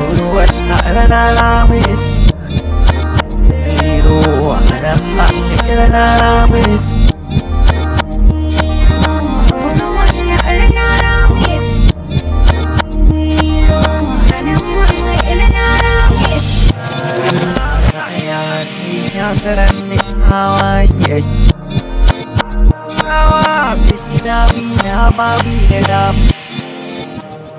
Kuru na lamis Biro anamma Ira na lamis Saran hawa